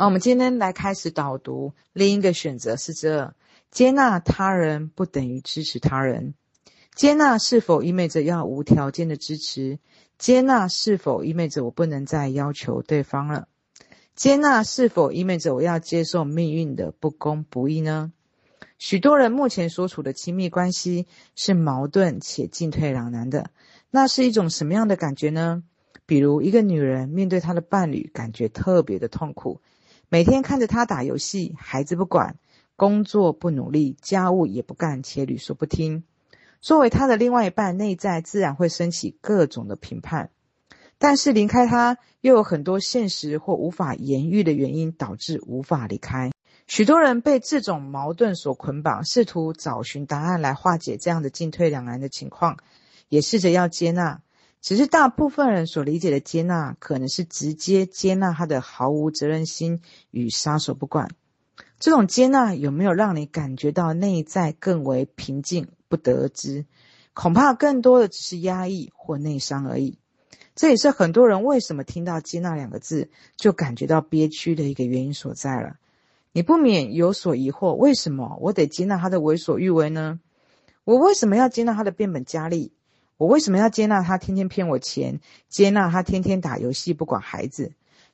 那、啊、我們今天來開始導讀。另一個選擇是這：這接納他人不等於支持他人。接納是否意味着要無條件的支持？接納是否意味着我不能再要求對方了？接納是否意味着我要接受命運的不公不義呢？許多人目前所處的親密關係是矛盾且進退兩難的。那是一種什麼樣的感覺呢？比如一個女人面對她的伴侶，感覺特別的痛苦。每天看着他打遊戲，孩子不管，工作不努力，家務也不幹，且屢說不聽。作為他的另外一半，內在自然會升起各種的評判。但是離開他，又有很多現實或無法言喻的原因導致無法離開。許多人被這種矛盾所捆綁，試圖找尋答案來化解這樣的進退兩難的情況，也試着要接納。只是大部分人所理解的接納，可能是直接接納他的毫無責任心與撒手不管。這種接納有沒有讓你感覺到內在更為平靜？不得而知，恐怕更多的只是壓抑或內傷而已。這也是很多人為什麼聽到“接納”兩個字就感覺到憋屈的一個原因所在了。你不免有所疑惑：為什麼我得接納他的為所欲為呢？我為什麼要接納他的變本加厲？我為什麼要接納他天天騙我錢，接納他天天打遊戲不管孩子？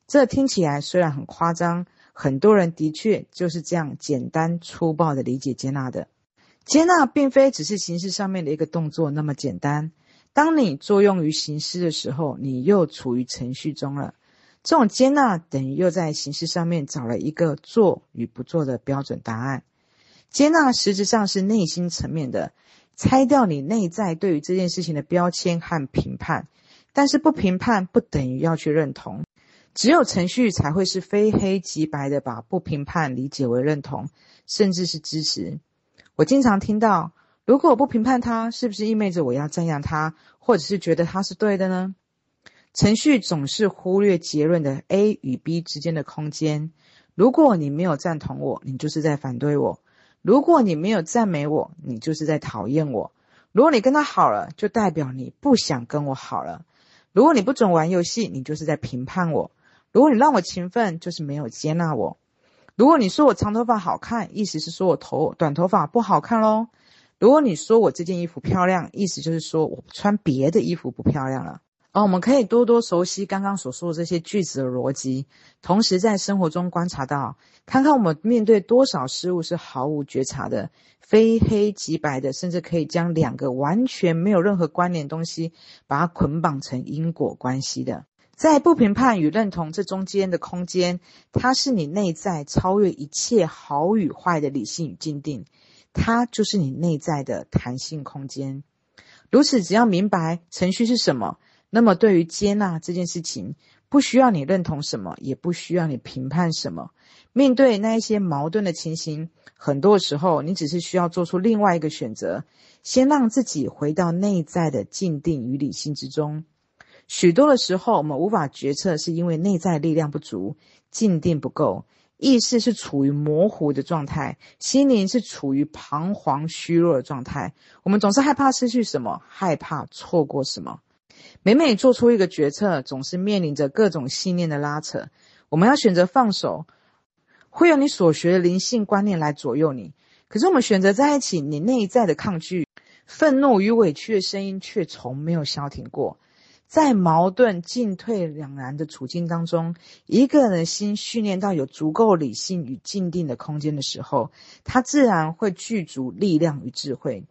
這聽起來雖然很誇張，很多人的確就是這樣簡單粗暴的理解接納的。接納並非只是形式上面的一個動作那麼簡單。當你作用於形式的時候，你又處於程序中了。這種接納等於又在形式上面找了一個做與不做的標準答案。接納實質上是內心層面的。拆掉你內在對於這件事情的標籤和評判，但是不評判不等於要去認同，只有程序才會是非黑即白的把不評判理解為認同，甚至是支持。我經常聽到，如果我不評判他，是不是意味着我要讚揚他，或者是覺得他是對的呢？程序總是忽略結論的 A 與 B 之間的空間。如果你沒有贊同我，你就是在反對我。如果你沒有讚美我，你就是在討厭我；如果你跟他好了，就代表你不想跟我好了；如果你不准玩遊戲，你就是在評判我；如果你讓我勤奮，就是沒有接納我；如果你說我長頭髮好看，意思是說我頭短頭髮不好看嘍；如果你說我這件衣服漂亮，意思就是說我穿別的衣服不漂亮了。哦，我們可以多多熟悉剛剛所說的這些句子的邏輯，同時在生活中觀察到，看看我們面對多少事物是毫無覺察的，非黑即白的，甚至可以將兩個完全沒有任何關聯的東西，把它捆綁成因果關係的。在不評判與認同這中間的空間，它是你內在超越一切好與壞的理性與靜定，它就是你內在的彈性空間。如此，只要明白程序是什麼。那麼，對於接納這件事情，不需要你認同什麼，也不需要你評判什麼。面對那一些矛盾的情形，很多時候，你只是需要做出另外一個選擇，先讓自己回到內在的靜定與理性之中。許多的時候，我們無法決策，是因為內在力量不足，靜定不夠，意識是處於模糊的狀態，心靈是處於彷徨虛弱的狀態。我們總是害怕失去什麼，害怕錯過什麼。每每做出一個決策，總是面臨着各種信念的拉扯。我們要選擇放手，會用你所學的靈性觀念來左右你。可是我們選擇在一起，你內在的抗拒、憤怒與委屈的聲音卻從沒有消停過。在矛盾、進退兩難的處境當中，一個人的心訓練到有足夠理性與靜定的空間的時候，他自然會具足力量與智慧。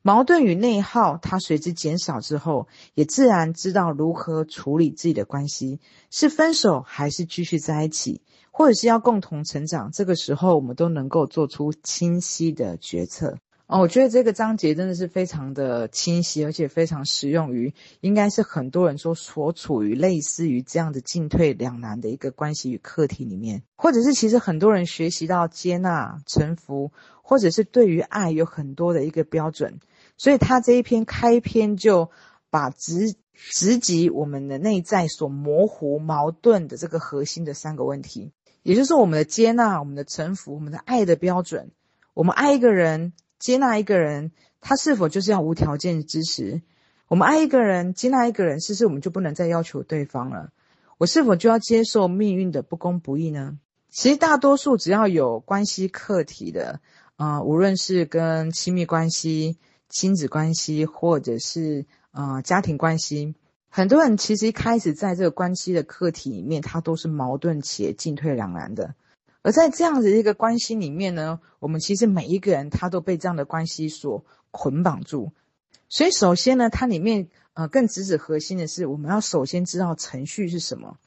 矛盾與內耗，它隨之減少之後，也自然知道如何處理自己的關係，是分手還是繼續在一起，或者是要共同成長。這個時候，我們都能夠做出清晰的決策。哦，我覺得這個章節真的是非常的清晰，而且非常適用於應該是很多人說所處於類似於這樣的進退兩難的一個關係與課題裡面，或者是其實很多人學習到接納、臣服，或者是對於愛有很多的一個標準，所以他這一篇開篇就把直直擊我們的內在所模糊、矛盾的這個核心的三個問題，也就是我們的接納、我們的臣服、我們的愛的標準，我們愛一個人。接納一個人，他是否就是要無條件支持？我們愛一個人，接納一個人，是不是我們就不能再要求對方了？我是否就要接受命運的不公不義呢？其實大多數只要有關係課題的，啊、呃，無論是跟親密關係、親子關係，或者是啊、呃、家庭關係，很多人其實一開始在這個關係的課題裡面，他都是矛盾且進退兩難的。而在這樣的一個關係裡面呢，我們其實每一個人他都被這樣的關係所捆綁住。所以首先呢，它裡面呃更直指核心的是，我們要首先知道程序，是什麼。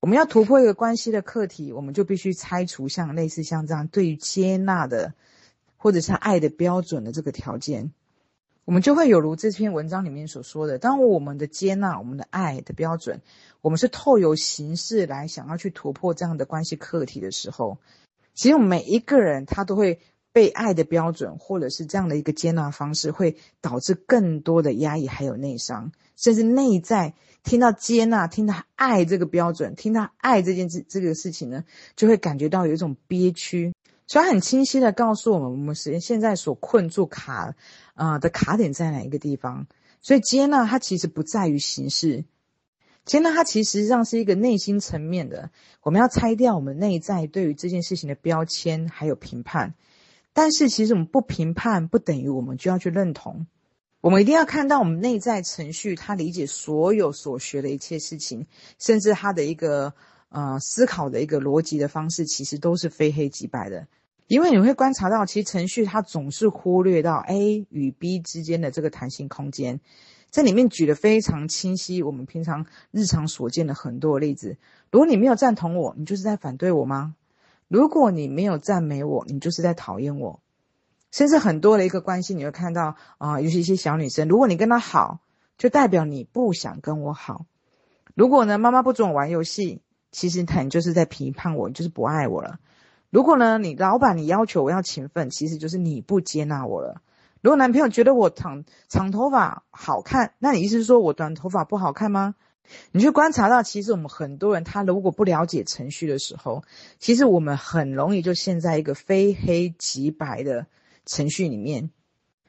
我們要突破一個關係的課題，我們就必須拆除像類似像這樣對於接納的，或者是愛的標準的這個條件。我們就會有如這篇文章裡面所說的，當我們的接納、我們的愛的標準，我們是透由形式來想要去突破這樣的關係課題的時候，其實每一個人他都會被愛的標準或者是這樣的一個接納方式，會導致更多的壓抑，還有內傷，甚至內在聽到接納、聽到愛這個標準、聽到愛這件這這個事情呢，就會感覺到有一種憋屈。所以他很清晰的告訴我們，我們現現在所困住卡，呃的卡點在哪一個地方？所以接納它其實不在於形式，接納它其實上是一個內心層面的。我們要拆掉我們內在對於這件事情的標籤，還有評判。但是其實我們不評判，不等於我們就要去認同。我們一定要看到我們內在程序，它理解所有所學的一切事情，甚至它的一個呃思考的一個邏輯的方式，其實都是非黑即白的。因為你會觀察到，其實程序它總是忽略到 A 與 B 之間的這個彈性空間，這裡面舉得非常清晰。我們平常日常所見的很多的例子，如果你沒有贊同我，你就是在反對我嗎？如果你沒有讚美我，你就是在討厭我？甚至很多的一個關係，你會看到啊、呃，尤其一些小女生，如果你跟她好，就代表你不想跟我好。如果呢，媽媽不准我玩遊戲，其實她就是在批判我，就是不愛我了。如果呢，你老闆你要求我要勤奮，其實就是你不接納我了。如果男朋友覺得我長長頭髮好看，那你意思是說我短頭髮不好看嗎？你去觀察到，其實我們很多人他如果不了解程序的時候，其實我們很容易就陷在一個非黑即白的程序裡面。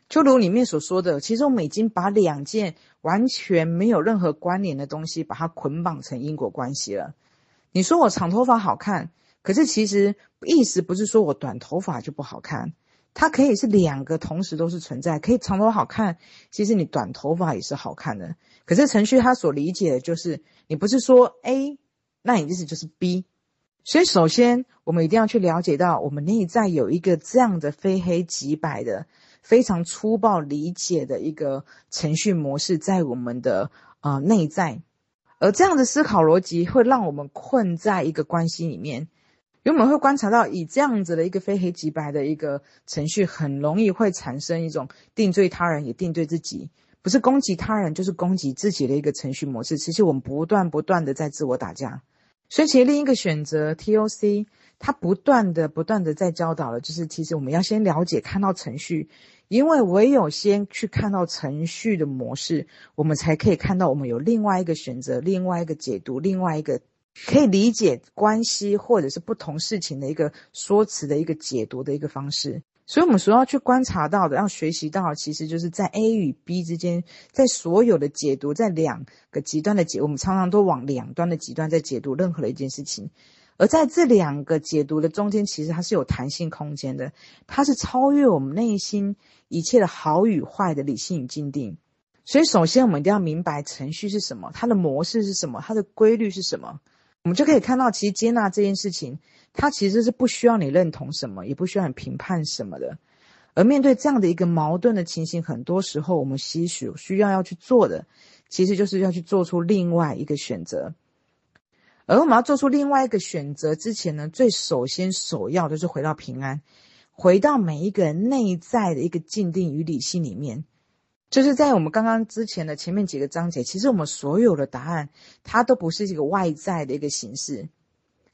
就如裡面所說的，其實我們已經把兩件完全沒有任何關聯的東西，把它捆綁成因果關係了。你說我長頭髮好看。可是其實意思不是說我短頭髮就不好看，它可以是兩個同時都是存在，可以長頭好看，其實你短頭髮也是好看的。可是程序它所理解的就是你不是說 A，那你意思就是 B。所以首先我們一定要去了解到，我們內在有一個這樣的非黑即白的、非常粗暴理解的一個程序模式在我們的啊、呃、內在，而這樣的思考邏輯會讓我們困在一個關係裡面。因為我們會觀察到，以這樣子的一個非黑即白的一個程序，很容易會產生一種定罪他人也定罪自己，不是攻擊他人就是攻擊自己的一個程序模式。其實我們不斷不斷的在自我打架。所以，其實另一個選擇 TOC，它不斷的不斷的在教導了，就是其實我們要先了解看到程序，因為唯有先去看到程序的模式，我們才可以看到我們有另外一個選擇、另外一個解讀、另外一個。可以理解關係，或者是不同事情的一個說辭的一個解讀的一個方式。所以，我們所要去觀察到的，要學習到的，其實就是在 A 與 B 之間，在所有的解讀，在兩個極端的解，我們常常都往兩端的極端在解讀任何的一件事情。而在這兩個解讀的中間，其實它是有彈性空間的，它是超越我們內心一切的好與壞的理性與靜定。所以，首先我們一定要明白程序是什麼，它的模式是什麼，它的規律是什麼。我們就可以看到，其實接納這件事情，它其實是不需要你認同什麼，也不需要你評判什麼的。而面對這樣的一個矛盾的情形，很多時候我們其實需要要去做的，其實就是要去做出另外一個選擇。而我們要做出另外一個選擇之前呢，最首先首要的就是回到平安，回到每一個人內在的一個靜定與理性裡面。就是在我們剛剛之前的前面幾個章節，其實我們所有的答案，它都不是一個外在的一個形式。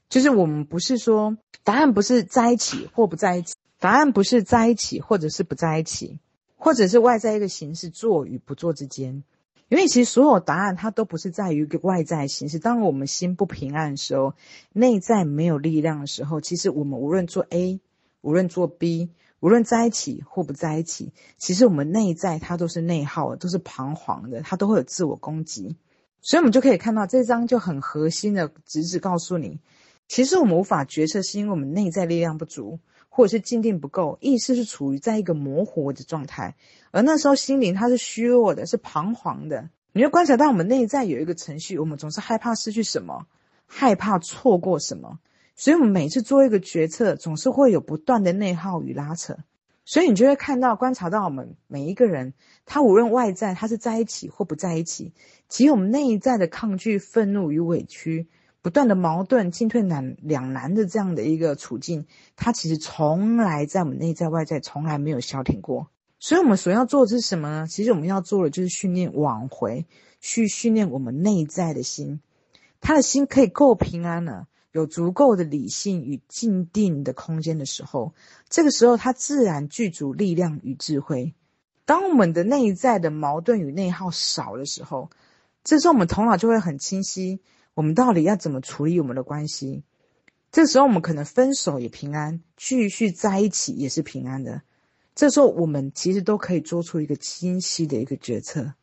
就是我們不是說答案不是在一起或不在一起，答案不是在一起或者是不在一起，或者是外在一個形式做與不做之間。因為其實所有答案它都不是在於一個外在形式。當我們心不平安的時候，內在沒有力量的時候，其實我們無論做 A，無論做 B。無論在一起或不在一起，其實我們內在它都是內耗的，都是彷徨的，它都會有自我攻擊。所以我們就可以看到這章就很核心的直指，指告訴你，其實我們無法決策，是因為我們內在力量不足，或者是靜定不夠，意識是處於在一個模糊的狀態，而那時候心靈它是虛弱的，是彷徨的。你要觀察到我們內在有一個程序，我們總是害怕失去什麼，害怕錯過什麼。所以我們每次做一個決策，總是會有不斷的內耗與拉扯，所以你就會看到、觀察到我們每一個人，他無論外在，他是在一起或不在一起，其實我們內在的抗拒、憤怒與委屈，不斷的矛盾、進退難兩難的這樣的一個處境，他其實從來在我們內在外在從來沒有消停過。所以我們所要做的是什麼呢？其實我們要做的就是訓練往回去訓練我們內在的心，他的心可以夠平安了。有足夠的理性與靜定的空間的時候，這個時候它自然具足力量與智慧。當我們的內在的矛盾與內耗少的時候，這時候我們頭腦就會很清晰，我們到底要怎麼處理我們的關係？這時候我們可能分手也平安，繼續在一起也是平安的。這時候我們其實都可以做出一個清晰的一個決策。